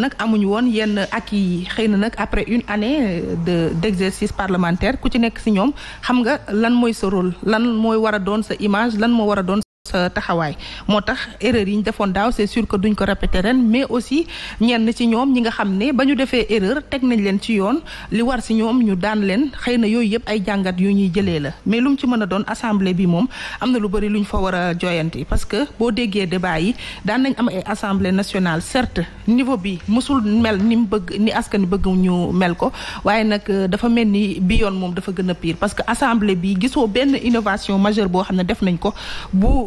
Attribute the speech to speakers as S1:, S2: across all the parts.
S1: nag amuñu woon yenn ak yi xëy na nag après une année euh, de d'exercice parlementaire ku ci nekk ci ñoom xam nga lan mooy sa rôle lan mooy war a doon sa image lan moo war a doon sa taxawaay moo tax erreur yi ñu defoon daaw c'est sûr que duñ ko répéter ren mais aussi ñenn ci ñoom ñi nga xam ne ba ñu defee erreur teg nañ leen ci yoon li war ci ñoom ñu daan leen xëy na yooyu yëpp ay jàngat yu ñuy jëlee la mais lu mu ci mën a doon assemblée bi moom am na lu bëri luñ ñu fa war a yi parce que boo déggee débat yi daan nañ am ay assemblée nationale certes niveau bi mësul mel ni mu bëgg ni askan bëgg ñu mel ko waaye nag euh, dafa mel ni bi yoon moom dafa gën a pire parce que assemblée bi gisoo benn innovation majeure boo xam ne def nañ ko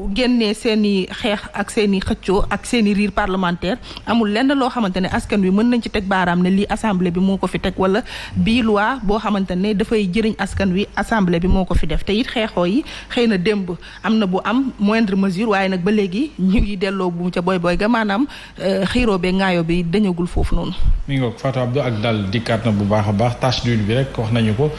S1: bu génnee seen i xeex ak seen i xëccoo ak seen i riir parlementaire amul lenn loo xamante ne askan wi mën nañ ci teg baaraam ne lii assemblée bi moo ko fi teg wala bii loi boo xamante ne dafay jëriñ askan wi assemblée bi moo ko fi def te it xeexoo yi xëy na démb am na bu am moindre mesure waaye nag ba léegi ñu ngi delloo bu ca boy boy ga maanaam euh, xiiroo bee ngaayo bi dañagul
S2: foofu noonu. mi ngi Fatou Abdou ak dal dikkaat na bu baax a baax tâche d'huile bi rek wax nañu ko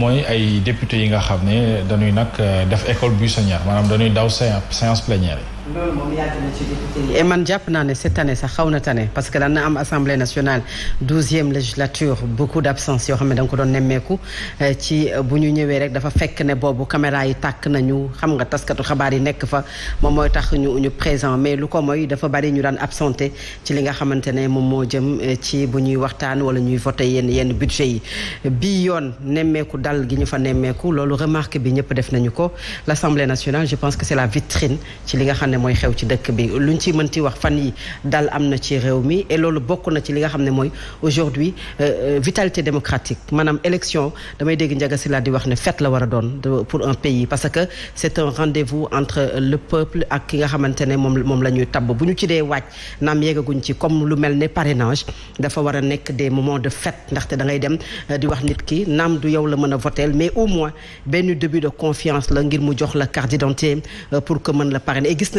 S2: mooy ay député yi nga xam ne dañuy nag euh, def école buissonnière maanaam dañuy daw séance séance plénière loolu
S3: man jàpp naa ne cette année sax xaw na tane parce que daan na am assemblée nationale douzième législature beaucoup d' absence yoo xam ne da ko doon nemmeeku eh, ci eh, bu ñu ñëwee rek dafa fekk ne boobu caméra yi tàkk nañu xam nga taskatu xabaar yi nekk fa moom mooy tax ñu ñu présent mais lu ko mooy dafa bari ñu daan absenté ci li nga xamante ne moom moo jëm eh, ci bu ñuy waxtaan wala ñuy voté yenn yenn budget yi bii yoon nemmeeku dal gi ñu fa nemmeeku loolu remarque bi ñëpp def nañu ko l' assemblée nationale je pense que c' la vitrine ci ne mooy xew ci dëkk bi luñ ci mën ci wax fan yi daal am na ci réew mi et loolu bokk na ci li nga xam ne mooy aujourd'hui euh, euh, vitalité démocratique maanaam élection damay dégg Ndiaga Sylla di wax ne fête la war a doon pour un pays parce que c'est un rendez-vous entre euh, le peuple ak ki nga xamante ne moom moom la ñuy tabb bu ñu ci dee waaj naam yeggaguñ ci comme lu mel ne parrainage dafa war a nekk des moments de fête ndaxte da ngay dem di wax nit ki naam du yow la mën a voteel mais au moins benn début de confiance la ngir mu jox la carte d'identité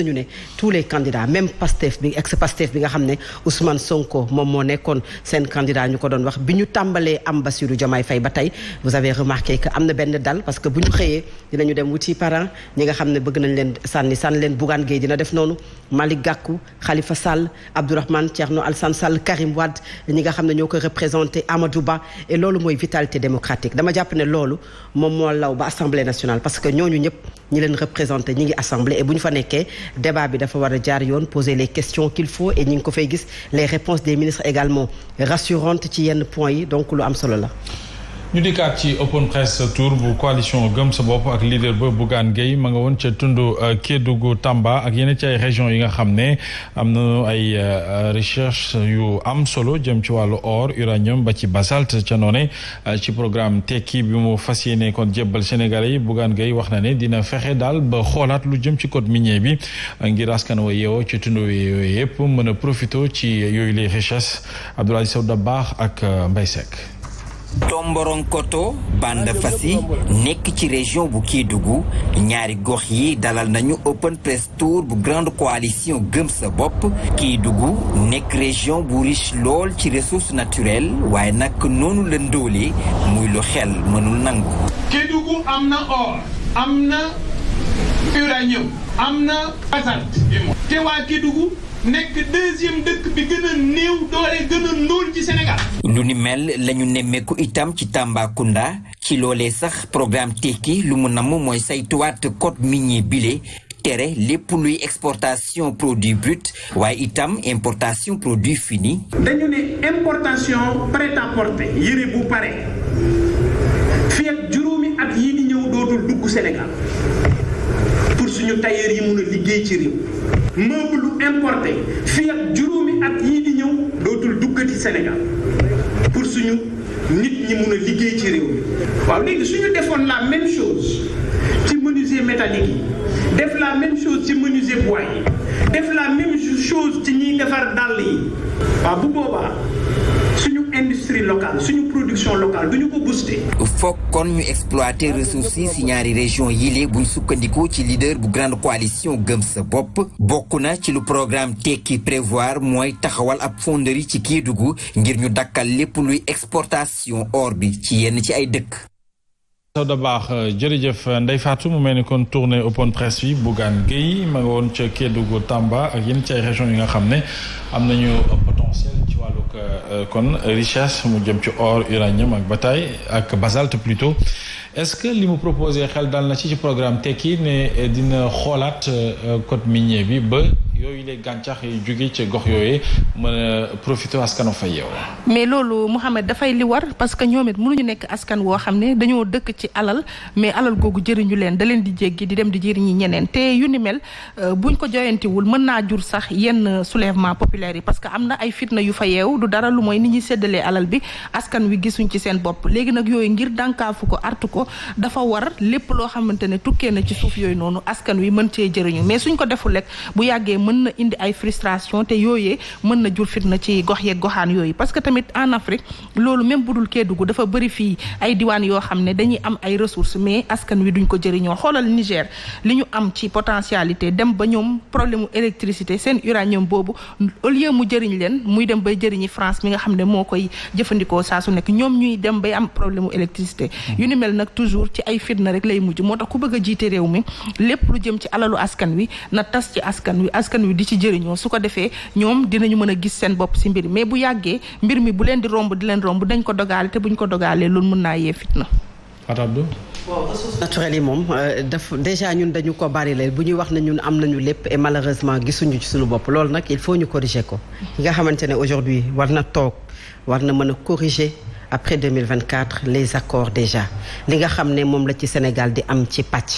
S3: ñu ne tous les candidats même Pastef bi ex Pastef bi nga xam ne Ousmane Sonko moom moo nekkoon seen candidat ñu ko doon wax bi ñu tàmbalee am ba Bassirou Diomaye Faye ba tey vous avez remarqué que am na benn dal parce que bu ñu xëyee dinañu dem wuti parent ñi nga xam ne nañ leen sànni sànni leen Bougane dina def noonu Malick Gakou Khalifa Sall Abdourahmane Thierno Alassane Sall Karim Wade ñi nga xam ne ñoo ko représenté Amadou Ba et loolu mooy vitalité démocratique dama jàpp ne loolu moom moo law ba assemblée nationale parce que ñooñu ñëpp ñi leen représenté ñi ngi assemblée et bu ñu fa nekkee débat bi dafa war a jaar yoon poser les questions qu'il faut et ñu ngi ko fay gis les réponses des ministres également rassurantes ci yenn points yi donc lu am solo la
S2: ñu dikkaat ci open press tour bu coalition gëm sa bopp ak leader ba Bougane Gueye ma nga woon ca tund euh, Kédougou Tamba ak yeneen ci ay région yi nga xam ne am na ay euh, recherche yu am solo jëm ci wàllu or uranium ba ci basalte ca noone euh, ci programme tekki bi mu fas yéene kon jébbal Sénégalais yi Bougane Gueye wax na ne dina fexe daal ba xoolaat lu jëm ci code minier bi ngir askan wa yeewoo ci tund yooyu yëpp mën a profité ci yooyu les richesses Abdoulaye Sow Dabakh ak Mbaye
S4: Tomboronkoto Banda Fassi nekk ci région bu Kédougou ñaari gox yi dalal nañu open press tour bu grande coalition gëm sa bopp Kédougou nekk région bu riche lool ci ressources naturelles waaye nag noonu la ndóole muy lu xel mënul nangu.
S5: Kédougou am na or am na uranium am na basalt te waa Kédougou nekk deuxième dëkk bi gën néew doole gën a ndóol ci Sénégal.
S4: lu ni mel la nemmeeku itam ci Tambacounda ci loolee sax programme tekki lu mu namm mooy saytuwaat code minier bile tere lépp luy exportation produit brut waaye itam importation produit fini.
S5: dañu ne à porter yére bu pare fii juróomi at yii di ñëw dootul dugg Sénégal. suñu tailleur yi mun a liggéey ci réew meuble importé fii ak juróomi at yii di ñëw dootul duggati Sénégal pour suñu nit ñi mun a liggéey ci réew mi waaw léegi suñu defoon la même chose ci menuisier métallique yi def la même chose ci menuisier bois yi def la même chose ci ñiy defar dàll yi waaw bu boobaa industrie suñu production locale du ñu ko booster. kon ñu
S4: exploiter ressources yi ñaari région yi buñ sukkandiku ci leader bu grande coalition gëm sa bopp bokk na ci lu programme tekki prévoir mooy taxawal ab fonderie ci Kédougou ngir ñu dakkal lépp luy exportation or bi ci yenn ci ay dëkk.
S2: saw da baax jërëjëf Ndeye Fatou mu mel ni kon tournée open presse bi Bougane Gueye ma nga woon ca Kédougou Tamba ak yenn ci ay régions yi nga xam ne am nañu Euh, euh, kon richesse mu jëm ci or uranium ak bataille ak basalte plutôt est-ce que li mu proposé xel dal na ci programme tekki ne eh, dina xoolaat euh, code minier bi ba yooyu les gàncax yi jóge ci gox yooyu mën a profité askan fa yeew
S1: mais loolu Mouhamed dafay li war parce que ñoom nu ñu nekk askan woo xam ne dañoo dëkk ci alal mais alal googu jëriñu leen da leen di jéggi di dem di jëriñi ñeneen te yu ni mel euh, buñ ko joyantiwul mën naa jur sax yenn soulèvement populaire yi parce que am na ay fitna yu fa yeew du dara lu mooy ni ñuy séddalee alal bi askan wi gisuñ ci seen bopp léegi nag yooyu ngir dànkaafu ko art ko dafa war lépp loo xamante ne tukkee na ci suuf yooyu noonu askan wi mën cee jëriñu mais suñ ko deful mën na indi ay frustration te yooyee mën na jur fitna ci gox yeeg goxaan yooyu parce que tamit en Afrique loolu même kee Kédougou dafa bari fii ay diwaan yoo xam ne dañuy am ay ressources mais askan wi duñ ko jëriñoo xoolal Niger li ñu am ci potentialité dem ba ñoom problème mu électricité seen uranium boobu au lieu mu jëriñ leen muy dem ba jëriñi France mi nga xam ne moo koy jëfandikoo saa su nekk ñoom ñuy dem bay am problème mu électricité hmm. yu ni mel nag toujours ci ay fitna rek lay mujj moo tax ku bëgg a jiite réew mi lu askan wi askan di ci jëriñoo su ko defee ñoom dinañu mën a gis seen bopp si mbir mais bu yàggee mbir mi bu leen di romb di leen romb dañ ko dogaale te buñ ko dogaalee loolu mën naa yee fitna.
S2: Fatabdou.
S3: bon ressources naturelles yi moom euh, daf déjà ñun dañu ko bari leen bu ñuy wax ne ñun am nañu lépp et malheureusement gisuñu ci suñu bopp loolu nag il faut ñu corriger ko. nga xamante ne aujourd'hui war na toog war na mën a corriger. après 2024 les accords déjà li nga xam ne moom la ci Sénégal di am ci pàcc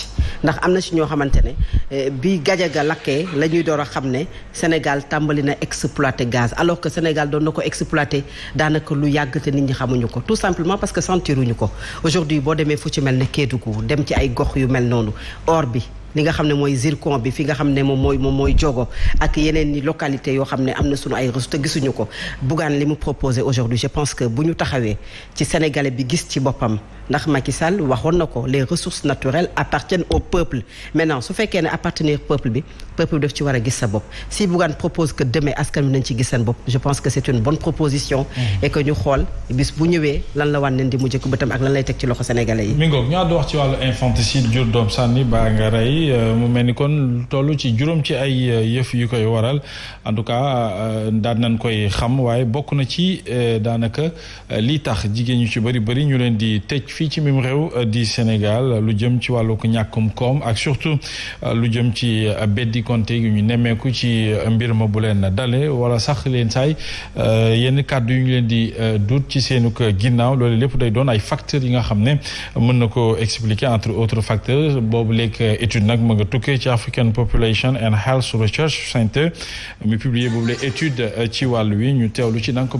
S3: ndax am na si ñoo xamante ne eh, bi Gajaga lakkee la ñuy door a xam ne Sénégal tàmbali na exploité gaz alors que Sénégal doon na ko exploité daanaka lu yàgg te nit ñi xamuñu ko tout simplement parce que sentiruñu ko aujourd'hui boo demee fu ci mel ne Kédougou dem ci ay gox yu mel noonu or bi li nga xam ne mooy zircon bi fi nga xam ne moom mooy jogo ak yeneen ni localité yoo xam ne am na sunu ay ressources te gisuñu ko Bougane li mu proposé aujourd'hui je pense que bu ñu taxawee ci sénégalais bi gis ci boppam ndax Macky waxoon na ko les ressources naturelles appartiennent au peuple maintenant su fekkee ne appartenir peuple bi peuple bi daf ci war a gis sa bopp si Bougane propose que demain askan wi nañ ci gis seen bopp je pense que c'est une bonne proposition mmh. et lan la wan leen di mujjee ak lay teg ci loxo sénégalais yi
S2: mi bi euh, mu mel ni kon tollu ci juróom ci ay euh, yëf yu koy waral en tout cas euh, daan nañ koy xam waaye bokk na ci daanaka lii tax jigéen ñu ci bëri bëri ñu leen di tëj fii ci mim réew di Sénégal lu jëm ci wàllu ñàkkum koom ak surtout lu jëm ci beddi konte yu ñu nemmeeku ci mbir ma bu leen dale wala sax leen saay yenn kàddu yu ñu leen di duut ci seenu ginnaaw loolu lépp day doon ay facteurs yi nga xam ne mën na ko expliquer entre autres facteurs boobu léegi étude nag ma nga tukkee ci African Population and Health Research Center mi publié boobu la étude euh, ci wàll wi ñu teewlu ci nank ko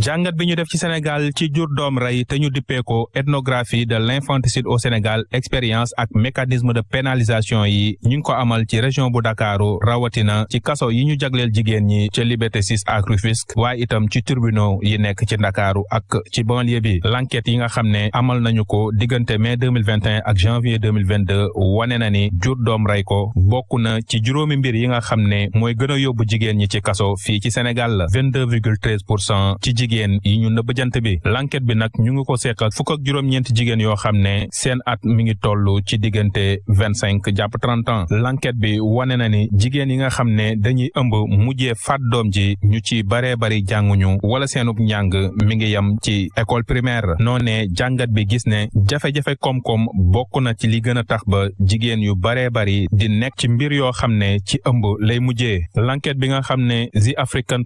S5: jàngat bi ñu def ci Sénégal ci jur doom rey te ñu dippee ko ethnographie de l'infanticide au Sénégal expérience ak mécanisme de pénalisation yi ñu ngi ko amal ci région bu Dakaaru rawatina ci kaso yi ñu jagleel jigéen ñi ci Liberté 6 ak Rufisque itam ci tribunaux yi nekk ci Ndakaaru ak ci banlieue bi l'enquête yi nga xam ne amal nañu ko diggante mai 2021 ak janvier 2022 wane na ni jur doom rey ko bokk na ci juróomi mbir yi nga xam ne mooy gën a yóbbu jigéen ñi ci kaso fii ci Sénégal jigéen yi ñu nëbb jant bi l'enquête bi nag ñu ngi ko seq ak fukk ak juróom-ñeenti jigéen yoo xam ne seen at mi ngi toll ci diggante vingt cinq jàpp trente ans l'enquête bi wane na ni jigéen yi nga xam ne dañuy ëmb mujjee faat doom ji ñu ci baree bari jànguñu wala seenub njàng mi ngi yem ci école primaire noo ne jàngat bi gis ne jafe-jafe koom-koom bokk na ci li gën a tax ba jigéen yu baree bari di nekk ci mbir yoo xam ne ci ëmb lay mujjee l'enquête bi nga xam ne The African